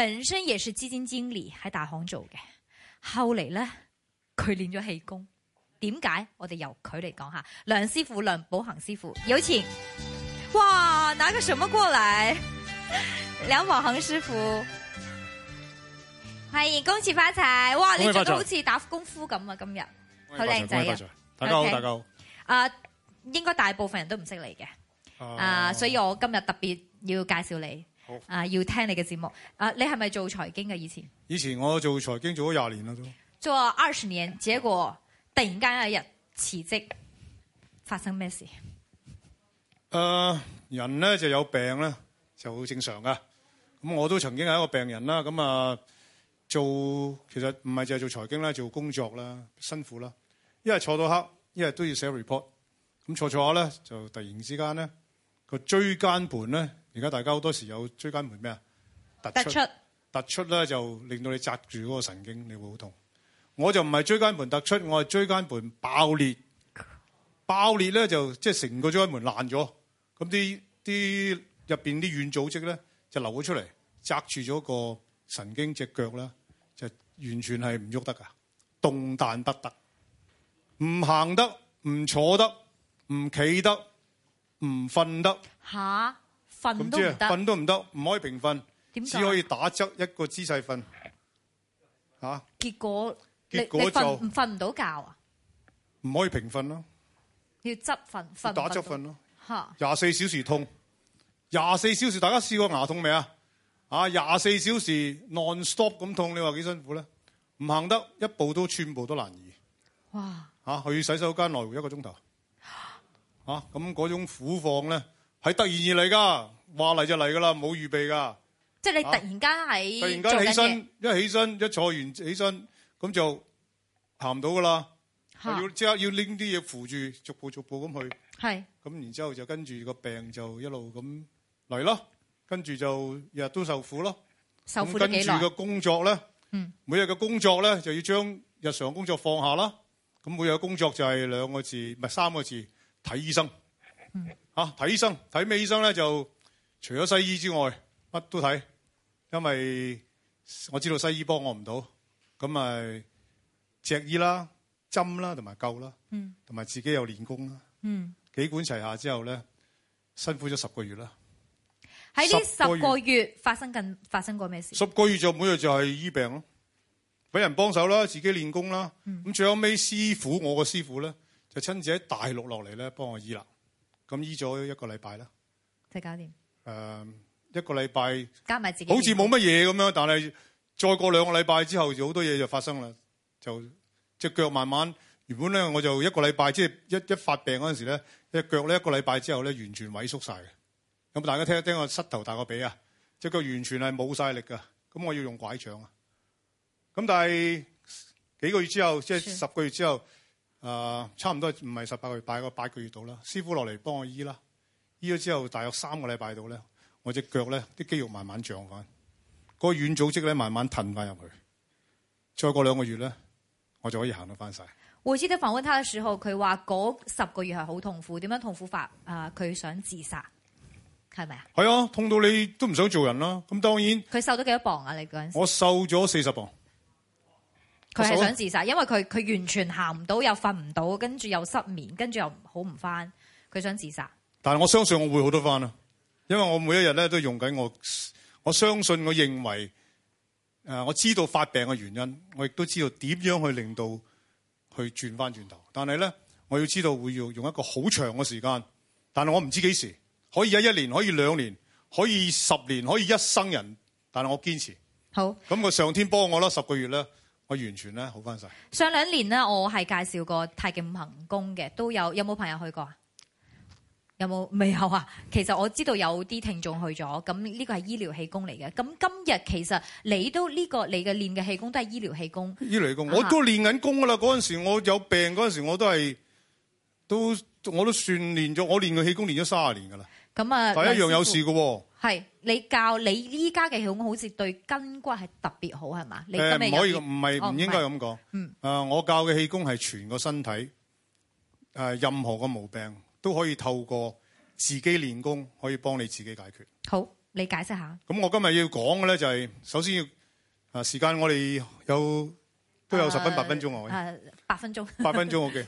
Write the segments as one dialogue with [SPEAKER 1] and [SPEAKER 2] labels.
[SPEAKER 1] 本身也是基金經理喺大行做嘅，後嚟咧佢練咗氣功。點解？我哋由佢嚟講下梁師傅、梁寶恒師傅，有請。哇，拿個什麼過嚟？梁寶恒師傅係，恭喜發財。哇，你做着好似打功夫咁啊！今日好靚仔。大家好，大家好。誒、okay.，uh, 應該大部分人都唔識你嘅。
[SPEAKER 2] 啊、uh... uh,，所
[SPEAKER 1] 以我今日特別要介紹你。啊，要聽你嘅節目。啊，你係咪做財經嘅以前？
[SPEAKER 2] 以前我做財經做咗廿年啦，都
[SPEAKER 1] 做二十年，結果突然間一日辭職，發生咩事？
[SPEAKER 2] 誒、呃，人咧就有病咧，就好正常噶。咁、嗯、我都曾經係一個病人啦。咁、嗯、啊，做其實唔係淨係做財經啦、啊，做工作啦，辛苦啦。一日坐到黑，一日都要寫 report。咁、嗯、坐坐下咧，就突然之間咧個椎間盤咧。而家大家好多時有椎間盤咩啊？突出突出咧，出就令到你扎住嗰個神經，你會好痛。我就唔係椎間盤突出，我係椎間盤爆裂。爆裂咧就即係成個椎間盤爛咗，咁啲啲入邊啲軟組織咧就流咗出嚟，扎住咗個神經隻腳啦，就完全係唔喐得噶，動彈不得，得，唔行得，唔坐得，唔企得，唔瞓得。
[SPEAKER 1] 吓！瞓都唔得，瞓都唔
[SPEAKER 2] 得，唔可以平瞓，只可以打側一個姿勢瞓，嚇。
[SPEAKER 1] 結果，
[SPEAKER 2] 啊、結果就瞓瞓
[SPEAKER 1] 唔到覺啊！唔
[SPEAKER 2] 可以平瞓咯、啊，要
[SPEAKER 1] 側瞓，瞓唔瞓要打側瞓咯。嚇、
[SPEAKER 2] 啊！廿、啊、四小時痛，廿四小時大家試過牙痛未啊？啊！廿四小時 non stop 咁痛，你話幾辛苦咧？唔行得一步都寸步都難移。
[SPEAKER 1] 哇！
[SPEAKER 2] 嚇、啊、去洗手間來回一個鐘頭，嚇，咁嗰種苦況咧～係突然而嚟噶，話嚟就嚟噶啦，冇預備噶。
[SPEAKER 1] 即係你突然間喺、啊、突然間起身，
[SPEAKER 2] 一起身一坐完起身，咁就行唔到噶啦。
[SPEAKER 1] 要即
[SPEAKER 2] 刻要拎啲嘢扶住，逐步逐步咁去。係咁，然之後就跟住個病就一路咁嚟咯。跟住就日日都受苦咯。
[SPEAKER 1] 受苦幾耐？跟住個
[SPEAKER 2] 工作咧、嗯，每日嘅工作咧就要將日常工作放下啦。咁每日嘅工作就係兩個字，唔係三個字，睇醫生。吓、嗯、睇、啊、醫生睇咩醫生咧？就除咗西醫之外，乜都睇，因為我知道西醫幫我唔到咁咪只醫啦針啦同埋灸啦，嗯，同埋自己又練功啦，嗯，幾管齊下之後咧，辛苦咗十個月啦。喺呢十個
[SPEAKER 1] 月發生緊發生
[SPEAKER 2] 過咩事？十個月就每日就係醫病咯，俾人幫手啦，自己練功啦。咁、嗯、最後尾師傅，我個師傅咧就親自喺大陸落嚟咧幫我醫啦。咁醫咗一個禮拜啦，即係搞掂。呃，一個禮拜
[SPEAKER 1] 加埋自己，好似
[SPEAKER 2] 冇乜嘢咁樣。但係再過兩個禮拜之後，好多嘢就發生啦。就隻腳慢慢，原本咧我就一個禮拜，即係一一發病嗰陣時咧，隻腳咧一個禮拜之後咧完全萎縮晒嘅。咁大家聽一聽，我膝頭大個髀啊，隻腳完全係冇晒力㗎。咁我要用拐杖啊。咁但係幾個月之後，即係十個月之後。啊，差唔多唔係十八個月，八個八個月到啦。師傅落嚟幫我醫啦，醫咗之後大約三個禮拜到咧，我隻腳咧啲肌肉慢慢漲翻，嗰軟組織咧慢慢褪翻入去。再過兩個月咧，我就可以行到翻晒。
[SPEAKER 1] 我記得訪問他嘅時候，佢話嗰十個月係好痛苦，點樣痛苦法啊？佢想自殺，係咪啊？
[SPEAKER 2] 係啊，痛到你都唔想做人啦。咁當然，
[SPEAKER 1] 佢瘦咗幾多磅啊？你嗰陣時
[SPEAKER 2] 我瘦咗四十磅。
[SPEAKER 1] 佢係想自殺，因為佢佢完全行唔到，又瞓唔到，跟住又失眠，跟住又好唔翻。佢想自殺。
[SPEAKER 2] 但係我相信我會好得翻啦，因為我每一日咧都用緊我，我相信我認為，誒、呃，我知道發病嘅原因，我亦都知道點樣去令到去轉翻轉頭。但係咧，我要知道會要用一個好長嘅時間。但係我唔知幾時可以一一年，可以兩年，可以十年，可以一生人。但係我堅持。好。咁個上天幫我啦，十個月呢。我完全咧好翻晒。
[SPEAKER 1] 上兩年咧，我係介紹過太極五行功嘅，都有有冇朋友去過？有冇？未有啊？其實我知道有啲聽眾去咗。咁呢個係醫療氣功嚟嘅。咁今日其實你都呢、這個你嘅練嘅氣功都係醫療氣功。
[SPEAKER 2] 醫療氣功，啊、我都練緊功噶啦。嗰陣時我有病嗰陣時，我都係都我都算練咗。我練嘅氣功練咗三十年噶啦。
[SPEAKER 1] 咁啊，第一樣有事噶係你教你依家嘅氣功好似對筋骨係特別好係嘛？你唔、呃、可以唔係唔應該咁
[SPEAKER 2] 講、嗯呃。我教嘅氣功係全個身體，誒、呃、任何個毛病都可以透過自己練功可以幫你自己解決。好，
[SPEAKER 1] 你解釋下。
[SPEAKER 2] 咁我今日要講嘅咧就係、是，首先要啊、呃、時間我哋有都有十分八分鐘外。誒、呃呃、
[SPEAKER 1] 八分鐘。八分鐘，OK。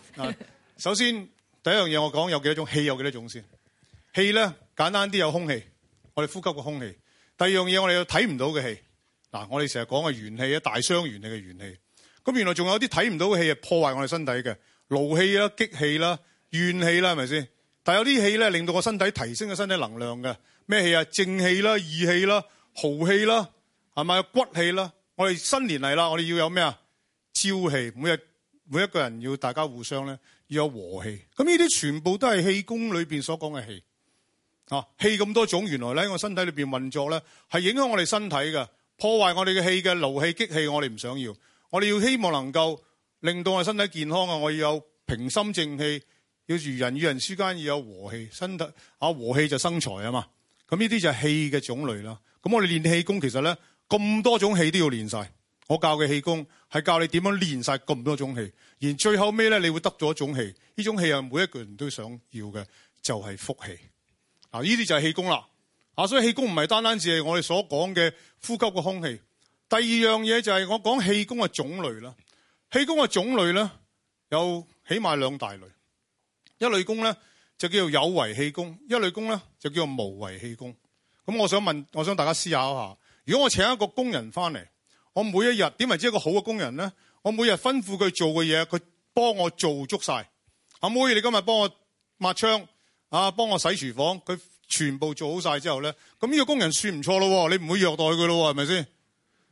[SPEAKER 2] 首先第一樣嘢我講有幾多種氣有幾多種先？氣咧簡單啲有空氣。我哋呼吸嘅空氣，第二樣嘢我哋又睇唔到嘅氣。嗱，我哋成日講嘅元氣啊，大傷元氣嘅元氣。咁原來仲有啲睇唔到嘅氣係破壞我哋身體嘅，勞氣啦、激氣啦、怨氣啦，係咪先？但係有啲氣咧令到個身體提升個身體能量嘅，咩氣啊？正氣啦、義氣啦、豪氣啦，係咪骨氣啦？我哋新年嚟啦，我哋要有咩啊？朝氣，每日每一個人要大家互相咧要有和氣。咁呢啲全部都係氣功裏面所講嘅氣。啊！氣咁多種，原來咧，我身體裏邊運作咧，係影響我哋身體嘅、破壞我哋嘅氣嘅勞氣、激氣，我哋唔想要。我哋要希望能夠令到我身體健康啊！我要有平心靜氣，要如人與人之間要有和氣。身體啊，和氣就生財啊嘛。咁呢啲就係氣嘅種類啦。咁我哋練氣功，其實咧咁多種氣都要練晒。我教嘅氣功係教你點樣練晒咁多種氣，而最後尾咧你會得咗一種氣，呢種氣係，每一個人都想要嘅就係福氣。嗱，呢啲就係氣功啦，啊，所以氣功唔係單單只係我哋所講嘅呼吸嘅空氣。第二樣嘢就係我講氣功嘅種類啦。氣功嘅種類咧，有起碼兩大類，一類功咧就叫做有為氣功，一類功咧就叫做無為氣功。咁我想問，我想大家思考下，如果我請一個工人翻嚟，我每一日點為之一個好嘅工人咧？我每日吩咐佢做嘅嘢，佢幫我做足晒。阿妹，妹，你今日幫我抹窗。啊！幫我洗廚房，佢全部做好晒之後咧，咁呢個工人算唔錯咯。你唔會虐待佢咯，係咪先？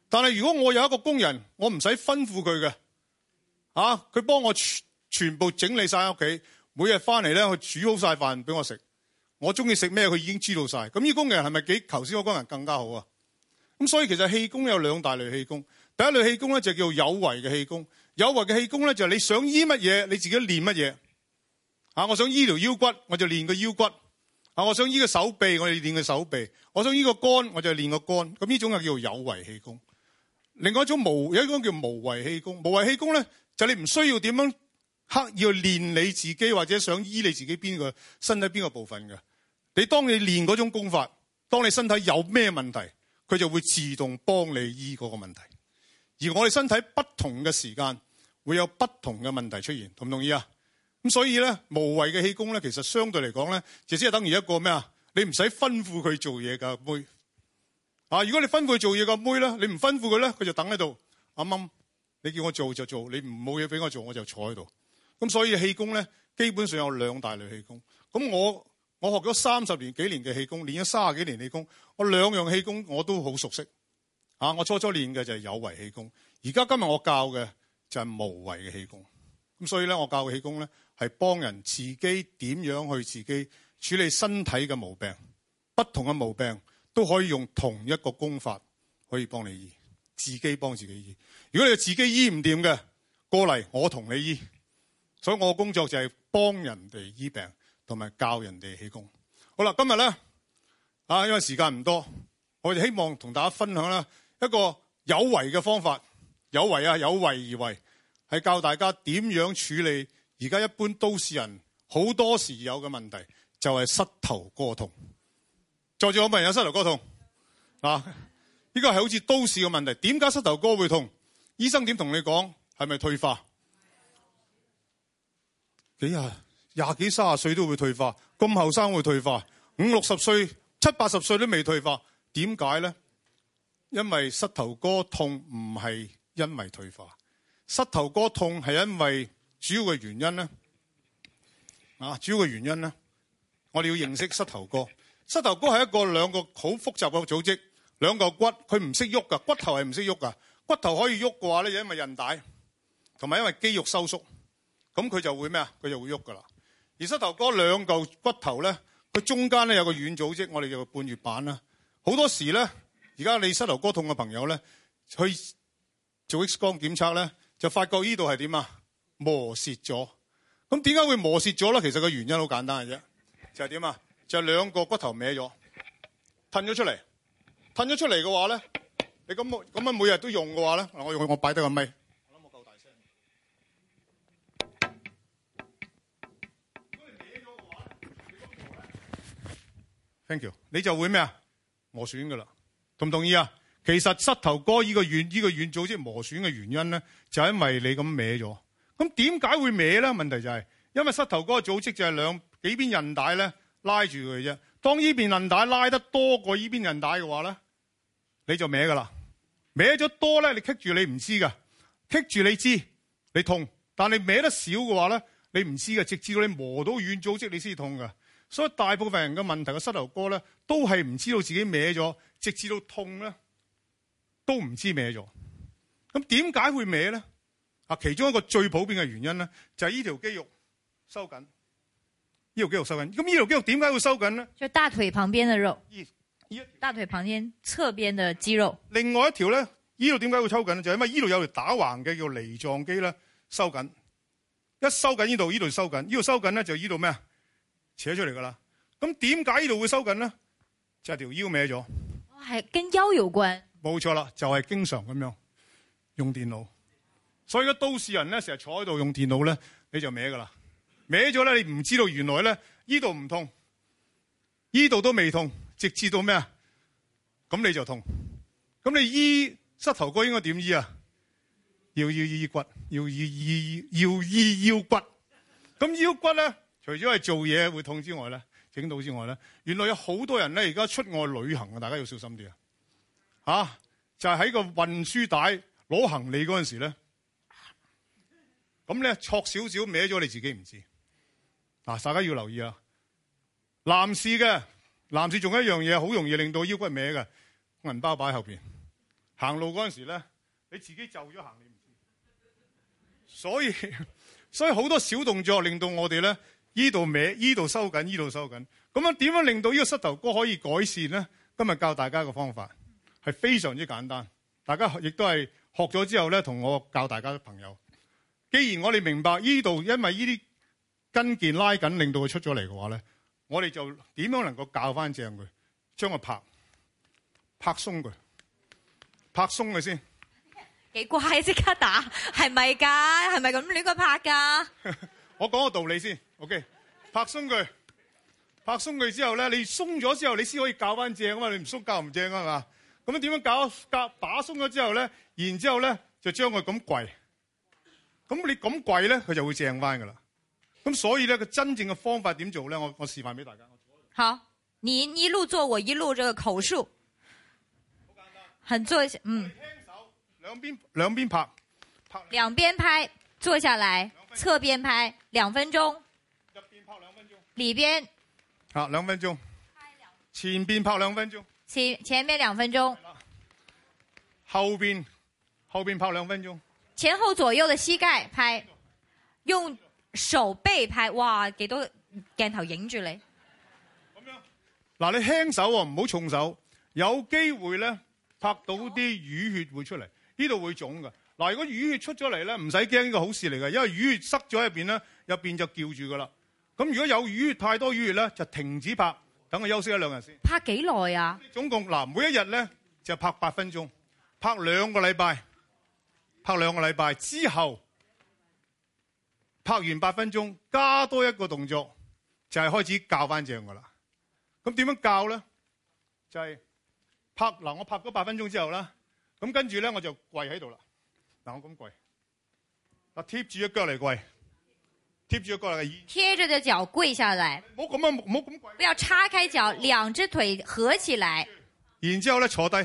[SPEAKER 2] 但係如果我有一個工人，我唔使吩咐佢嘅，啊，佢幫我全全部整理晒喺屋企，每日翻嚟咧佢煮好晒飯俾我食，我中意食咩，佢已經知道晒。咁呢個工人係咪幾頭先嗰工人更加好啊？咁所以其實氣功有兩大類氣功，第一類氣功咧就叫做有為嘅氣功，有為嘅氣功咧就係你想醫乜嘢，你自己練乜嘢。啊！我想醫療腰骨，我就練個腰骨。啊，我想醫個手臂，我就練個手臂；我想醫個肝，我就練個肝。咁呢種係叫做有為氣功。另外一種無，有一種叫無為氣功。無為氣功咧，就是，你唔需要點樣刻意去練你自己，或者想醫你自己邊個身體邊個部分嘅。你當你練嗰種功法，當你身體有咩問題，佢就會自動幫你醫嗰個問題。而我哋身體不同嘅時間會有不同嘅問題出現，同唔同意啊？咁所以咧，無為嘅氣功咧，其實相對嚟講咧，就只係等於一個咩啊？你唔使吩咐佢做嘢㗎，妹。啊，如果你吩咐佢做嘢㗎，妹咧，你唔吩咐佢咧，佢就等喺度。啱啱，你叫我做就做，你唔冇嘢俾我做，我就坐喺度。咁所以氣功咧，基本上有兩大類氣功。咁我我學咗三十年幾年嘅氣功，練咗卅幾年氣功，我兩樣氣功我都好熟悉，啊。我初初練嘅就係有為氣功，而家今日我教嘅就係無為嘅氣功。咁所以咧，我教嘅氣功咧。係幫人自己點樣去自己處理身體嘅毛病，不同嘅毛病都可以用同一個功法可以幫你醫，自己幫自己醫。如果你自己醫唔掂嘅，過嚟我同你醫。所以我工作就係幫人哋醫病同埋教人哋氣功。好啦，今日呢，啊，因為時間唔多，我哋希望同大家分享啦一個有為嘅方法，有為啊，有為而為，係教大家點樣處理。而家一般都市人好多時有嘅問題就係膝頭哥痛，在座有冇人有膝頭哥痛？嗱，呢個係好似都市嘅問題。點解膝頭哥會痛？醫生點同你講？係咪退化？幾日廿幾、卅歲都會退化，咁後生會退化？五六十歲、七八十歲都未退化，點解咧？因為膝頭哥痛唔係因為退化，膝頭哥痛係因為。主要嘅原因咧，啊，主要嘅原因咧，我哋要認識膝頭哥。膝頭哥係一個兩個好複雜嘅組織，兩個骨，佢唔識喐噶。骨頭係唔識喐噶，骨頭可以喐嘅話咧，就因為韌帶，同埋因為肌肉收縮。咁佢就會咩啊？佢就會喐噶啦。而膝頭哥兩嚿骨頭咧，佢中間咧有個軟組織，我哋就叫半月板啦。好多時咧，而家你膝頭哥痛嘅朋友咧，去做 X 光檢測咧，就發覺呢度係點啊？磨蝕咗咁，點解會磨蝕咗咧？其實個原因好簡單嘅啫，就係點啊？就係兩個骨頭歪咗，褪咗出嚟，褪咗出嚟嘅話咧，你咁咁樣，每日都用嘅話咧，嗱，我用我擺低個咪，我諗我夠大聲。歪咗嘅話 Thank you，你就會咩啊？磨損噶啦，同唔同意啊？其實膝頭哥呢個軟呢個軟組織磨損嘅原因咧，就係因為你咁歪咗。咁點解會歪咧？問題就係因為膝頭哥嘅組織就係兩幾邊韌帶咧拉住佢啫。當呢邊韌帶拉得多過呢邊韌帶嘅話咧，你就歪噶啦。歪咗多咧，你棘住你唔知噶，棘住你知，你痛。但你歪得少嘅話咧，你唔知嘅，直至到你磨到軟組織，你先痛噶。所以大部分人嘅問題嘅膝頭哥咧，都係唔知道自己歪咗，直至到痛咧都唔知歪咗。咁點解會歪咧？啊，其中一個最普遍嘅原因咧，就係呢條肌肉收緊，呢條肌肉收緊。咁呢條肌肉點解會收緊咧？
[SPEAKER 1] 就大腿旁邊嘅肉。大腿旁邊側邊嘅肌肉。
[SPEAKER 2] 另外一條咧，呢度點解會收緊咧？就係因為呢度有條打橫嘅叫梨狀肌咧收緊，一收緊呢度，呢度收緊，呢度收緊咧就呢度咩啊？扯出嚟噶啦。咁點解呢度會收緊咧？就係條腰歪咗。
[SPEAKER 1] 哦，係跟腰有關。
[SPEAKER 2] 冇錯啦，就係經常咁樣用電腦。所以個都市人咧，成日坐喺度用電腦咧，你就歪噶啦，歪咗咧，你唔知道原來咧依度唔痛，依度都未痛，直至到咩啊？咁你就痛，咁你醫膝頭哥應該點醫啊？要要醫骨，要醫醫要醫要醫腰骨。咁腰骨咧，除咗係做嘢會痛之外咧，整到之外咧，原來有好多人咧，而家出外旅行啊，大家要小心啲啊！嚇，就係喺個運輸帶攞行李嗰陣時咧。咁咧，錯少少歪咗，你自己唔知。嗱，大家要留意啊！男士嘅男士仲有一樣嘢，好容易令到腰骨歪嘅，銀包擺喺後邊，行路嗰陣時咧，你自己就咗行，你唔知。所以，所以好多小動作令到我哋咧，依度歪，依度收緊，依度收緊。咁樣點樣令到呢個膝頭哥可以改善咧？今日教大家一個方法係非常之簡單，大家亦都係學咗之後咧，同我教大家嘅朋友。既然我哋明白依度，因為呢啲筋腱拉緊，令到佢出咗嚟嘅話咧，我哋就點樣能夠教翻正佢，將佢拍拍鬆佢，拍鬆佢先。
[SPEAKER 1] 幾乖，即刻打，係咪㗎？係咪咁亂個拍㗎？
[SPEAKER 2] 我講個道理先，OK？拍鬆佢，拍鬆佢之後咧，你鬆咗之後你先可以教翻正啊嘛，你唔鬆教唔正啊嘛。咁點樣搞教？打把鬆咗之後咧，然之後咧就將佢咁跪。咁你咁跪咧，佢就會正翻噶啦。咁所以咧，佢真正嘅方法點做咧？我我示範俾大家。
[SPEAKER 1] 好，你一路做，我一路呢個口述。好簡單，很坐下，嗯。輕手，
[SPEAKER 2] 兩邊兩邊拍，拍
[SPEAKER 1] 兩。兩邊拍，坐下來，側邊拍兩分鐘。一邊拍兩分鐘。裏邊。
[SPEAKER 2] 好、啊，兩分鐘。前邊拍兩分鐘。
[SPEAKER 1] 前前面兩分鐘。
[SPEAKER 2] 後邊後邊拍兩分鐘。
[SPEAKER 1] 前後左右嘅膝蓋拍，用手背拍，哇，幾多鏡頭影住你？
[SPEAKER 2] 嗱，你輕手喎，唔好重手，有機會咧拍到啲淤血會出嚟，呢、哦、度會腫噶。嗱，如果淤血出咗嚟咧，唔使驚，呢個好事嚟噶，因為淤血塞咗喺入邊咧，入邊就叫住噶啦。咁如果有淤血太多淤血咧，就停止拍，等佢休息一兩日先。拍幾耐啊？總共嗱，每一日咧就拍八分鐘，拍兩個禮拜。拍兩個禮拜之後，拍完八分鐘，加多一個動作，就係開始教翻正㗎喇。咁點樣教咧？就係、是、拍，嗱，我拍咗八分鐘之後啦，咁跟住咧我就跪喺度啦。嗱，我咁跪，我貼住個腳嚟跪，貼住個腳嚟。以
[SPEAKER 1] 貼住的腳跪下嚟。唔好咁樣，唔好咁跪。不要叉開腳，兩隻腿合起來。
[SPEAKER 2] 然之後咧，坐低。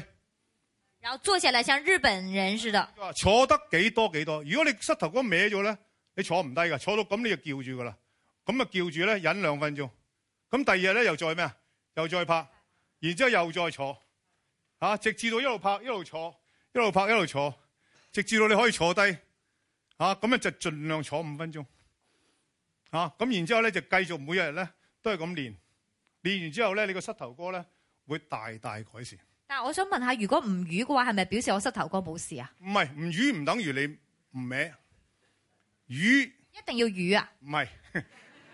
[SPEAKER 1] 然後坐下來像日本人似的，
[SPEAKER 2] 坐得幾多幾多。如果你膝頭哥歪咗呢，你坐唔低噶，坐到咁你就叫住噶啦。咁啊叫住呢，忍兩分鐘。咁第二日呢，又再咩？又再拍，然之後又再坐，吓，直至到一路拍一路坐，一路拍一路坐，直至到你可以坐低，吓，咁咧就盡量坐五分鐘。吓，咁然之後呢就繼續每一日呢，都係咁練，練完之後呢，你個膝頭哥呢，會大大改善。
[SPEAKER 1] 但係我想問下，如果唔瘀嘅話，係咪表示我膝頭哥冇事啊？
[SPEAKER 2] 唔係，唔瘀唔等於你唔歪瘀。一定要瘀啊？唔係，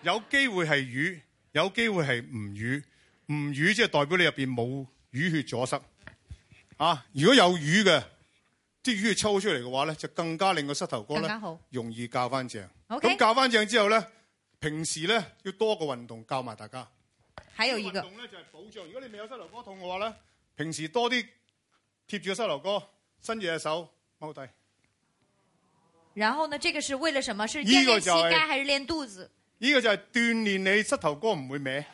[SPEAKER 2] 有機會係瘀，有機會係唔瘀。唔瘀即係代表你入邊冇淤血阻塞啊！如果有瘀嘅，即啲瘀血抽出嚟嘅話咧，就更加令個膝頭哥咧容易校翻正。咁校翻正之後咧，平時咧要多個運動教埋大家。還有一個、這個、運動咧就係、是、保障，如果你未有膝頭哥痛嘅話咧。平時多啲貼住個膝頭哥，伸住隻手踎低。
[SPEAKER 1] 然後呢？這個是為了什麼？是練膝蓋，係練肚子。呢、
[SPEAKER 2] 這個就係、是這個、鍛煉你膝頭哥唔會歪，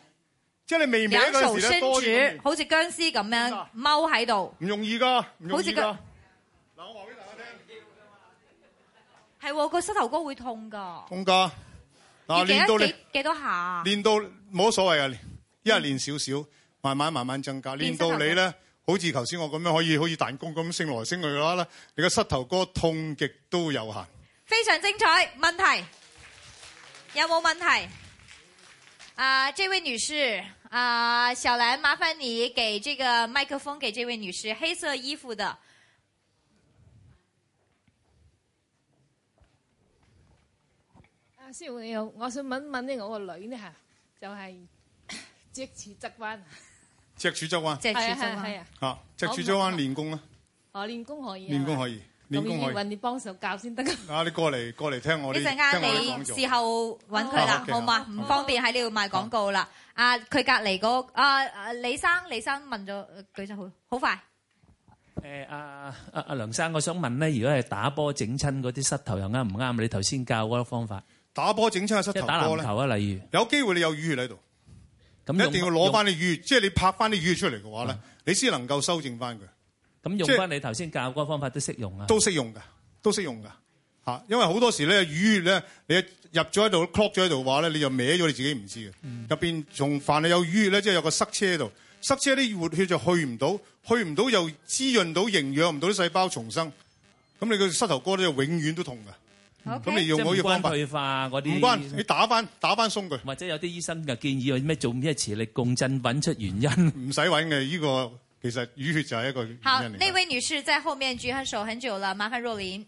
[SPEAKER 2] 即係你未歪嗰時咧兩手伸住，好
[SPEAKER 1] 似僵屍咁樣踎喺
[SPEAKER 2] 度。唔、嗯啊、容易噶，唔容易噶。嗱，我話俾大家聽，
[SPEAKER 1] 係個膝頭哥會痛噶。
[SPEAKER 2] 痛、嗯、噶。嗱、嗯，練到你
[SPEAKER 1] 幾多下？練到
[SPEAKER 2] 冇所謂啊，一日練，練，練，練、嗯、練，練，練，練，練少少。慢慢慢慢增加，練到你呢。好似頭先我咁樣可以，可以彈弓咁升來升去嘅話呢，你個膝頭哥痛極都有限。
[SPEAKER 1] 非常精彩，問題有冇問題？啊、uh,，這位女士，啊、uh,，小蘭，麻煩你給這個麥克風，給這位女士，黑色衣服的。阿、啊、師傅，你好，我想問一問呢，我個女呢？吓，就係、是。脊
[SPEAKER 2] 柱側彎，脊柱側彎，脊
[SPEAKER 1] 柱
[SPEAKER 2] 側彎，嚇！脊柱側彎練功啦、
[SPEAKER 1] 啊，嚇、哦！練功可以，練功可以，
[SPEAKER 2] 練功可以。搵
[SPEAKER 1] 你幫手教先得㗎。
[SPEAKER 2] 啊！你過嚟過嚟聽我，你陣間你事後
[SPEAKER 1] 揾佢啦，好嘛？唔、哦、方便喺呢度賣廣告啦。啊！佢隔離嗰啊，啊李生，李生問咗，舉手好好快。
[SPEAKER 2] 誒啊啊啊！梁生，我想問咧，如果係打波整親嗰啲膝頭，又啱唔啱？你頭先教嗰個方法，打波整親膝頭，打波球啊！例如有機會你有淤血喺度。一定要攞翻啲淤，即係你拍翻啲淤出嚟嘅話咧、嗯，你先能夠修正翻佢。咁、嗯、用翻你頭先教嗰個方法都適用啊？都適用㗎，都適用㗎、啊、因為好多時咧淤咧，你入咗喺度，lock 咗喺度話咧，你就歪咗你自己唔知嘅。入、嗯、面從凡係有淤咧，即係有個塞車喺度，塞車啲活血就去唔到，去唔到又滋潤到營養唔到啲細胞重生。咁你個膝頭哥咧永遠都痛㗎。咁、okay. 你用我要幫佢化嗰啲，唔關，不關你打翻打翻鬆佢，或者有啲醫生又建議話咩做咩磁力共振揾出原因，唔使揾嘅。呢個其實淤血就係一個原因。好，呢
[SPEAKER 1] 位女士在後面住舉手很久了，麻煩若琳。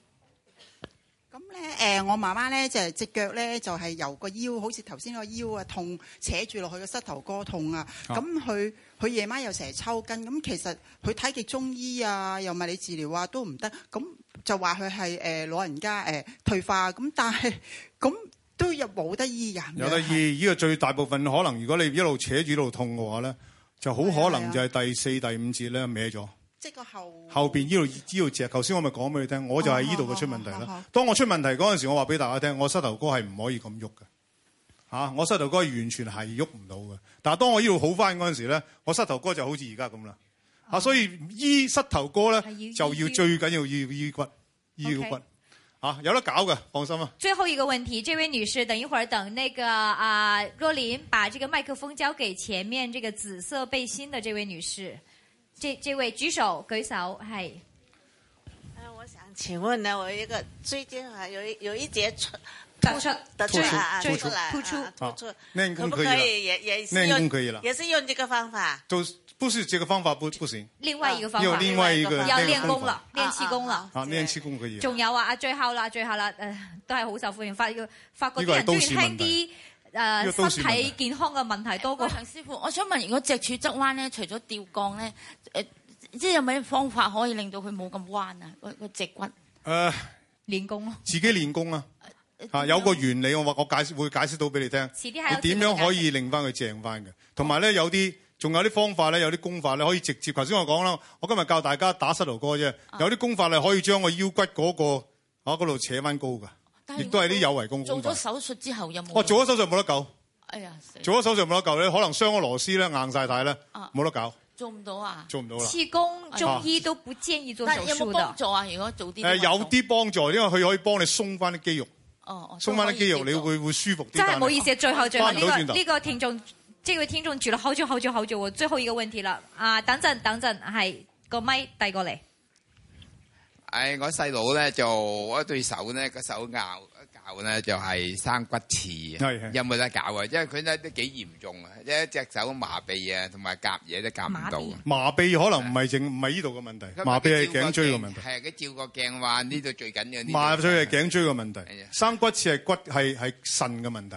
[SPEAKER 1] 咁咧誒，我媽媽咧就係、是、隻腳咧就係、是、由個腰，好似頭先個腰啊痛，扯住落去個膝頭哥痛啊。咁佢佢夜晚又成日抽筋，咁其實佢睇極中醫啊，又咪你治療啊都唔得，咁。就話佢係誒老人家退化咁，但係咁都有冇得醫啊？有得
[SPEAKER 2] 醫呢、呢個最大部分可能，如果你一路扯住呢度痛嘅話咧，就好可能就係第四、第五節咧歪咗。即係個後後邊呢度呢度隻，頭先我咪講俾你聽，我就係呢度嘅出問題啦、哦哦哦哦。當我出問題嗰陣時，我話俾大家聽，我膝頭哥係唔可以咁喐嘅嚇，我膝頭哥完全係喐唔到嘅。但係當我呢度好翻嗰陣時咧，我膝頭哥就好似而家咁啦。啊，所以醫膝頭哥呢就要最緊要要醫腰骨，醫腰骨，okay. 啊有得搞嘅，放心啊。
[SPEAKER 1] 最後一個問題，這位女士，等一會兒，等那個啊若琳把這個麥克風交給前面這個紫色背心的這位女士，這這位舉手舉手，係、啊。我想請問呢，我有一個最近啊有有一節突出突出突出突出突出突出，可不可以也也是用？那已經可以了，可以了，可以了，啊，也是用這個方法。
[SPEAKER 2] 不是這個方法不不行，
[SPEAKER 1] 有另，另外一個，要練功啦，練氣功啦，
[SPEAKER 2] 好，練氣功可以。仲、
[SPEAKER 1] 就是、有啊，啊最後啦，最後啦，誒、呃，都係好受歡迎。發要發覺啲人中意聽啲誒、這個、身體健康嘅問題多過梁師傅、這個。我想問，如果脊柱側彎咧，除咗吊槓咧，誒、呃，即係有咩方法可以令到佢冇咁彎啊？個個脊骨誒、呃，練功咯、
[SPEAKER 2] 啊，自己練功啊，啊有個原理我，我我解會解釋到俾你聽，遲有你點樣可以令翻佢正翻嘅？同埋咧，有啲。仲有啲方法咧，有啲功法咧，可以直接。頭先我講啦，我今日教大家打膝頭哥啫。有啲功法係可以將個腰骨嗰、嗰個嗰度、啊、扯翻高㗎，
[SPEAKER 1] 亦都係啲有為功，功法。做咗手術之後有冇？我、哦、做咗手術冇得救。哎呀，做咗
[SPEAKER 2] 手術冇得救咧，可能傷咗螺絲咧，硬晒曬呢，冇、啊、得搞。做唔
[SPEAKER 1] 到啊？做唔到啦。氣功，中醫都不建議做手術。啊、但有冇幫助啊？如果
[SPEAKER 2] 做啲、呃？有啲幫助，因為佢可以幫你鬆翻啲肌肉。哦、啊、
[SPEAKER 1] 哦、啊，鬆翻啲肌肉，
[SPEAKER 2] 啊、你會會舒服啲。真係唔好意思，最後最後
[SPEAKER 1] 呢呢位聽眾住咗好久、好久、好久，我最後一個問題啦。啊，等陣，等陣，係個咪遞過嚟。誒、哎，我細佬咧就我一對手咧，個手拗一拗咧就係生骨刺，有冇得搞啊？因為佢咧都幾嚴重啊，一隻手麻痹啊，同埋夾嘢都夾唔到。
[SPEAKER 2] 麻痹可能唔係正，唔係呢度嘅問題。麻痹係頸椎嘅問題。係佢照個鏡話，呢度最緊要。麻痹係頸椎嘅問題是是，生骨刺係骨係係腎嘅問題。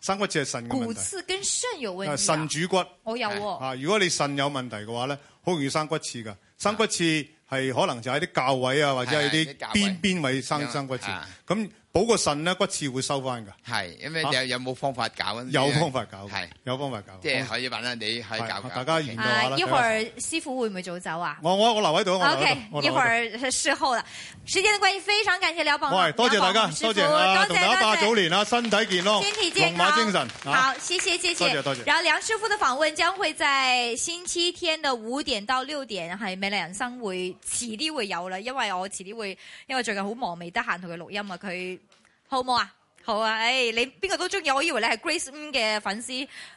[SPEAKER 2] 生骨刺係腎嘅問題。骨刺跟
[SPEAKER 1] 腎有問題，啊。腎主骨。我有喎。
[SPEAKER 2] 如果你腎有問題嘅話咧，好容易生骨刺噶，生骨刺係可能就喺啲教位啊，或者係啲邊邊位生生骨刺。咁補個腎咧，骨刺會收翻㗎。係，因為你有沒有冇方法搞，啊啊？有方法搞的，係有方法搞，即係可以問下你係。大家完到啦。啊，一會兒
[SPEAKER 1] 師傅會唔會早走啊？我
[SPEAKER 2] 我我留喺度，我留喺度。OK，okay 一會兒
[SPEAKER 1] 事後啦。時間嘅關係，非常感謝梁寶衡。喂多謝，多謝大家，多謝啊！祝大家拜早年
[SPEAKER 2] 啦，身體健康，龍馬精神。好，
[SPEAKER 1] 謝謝謝謝。多謝多謝。然後梁師傅嘅訪問將會在星期天嘅五點。Uh, uh, uh, 電影都，呢套電影係美麗人生會遲啲會有啦，因為我遲啲會，因為最近好忙未得閒同佢錄音啊。佢好唔好啊？好啊，誒、哎，你邊個都中意？我以為你係 Grace M 嘅粉絲。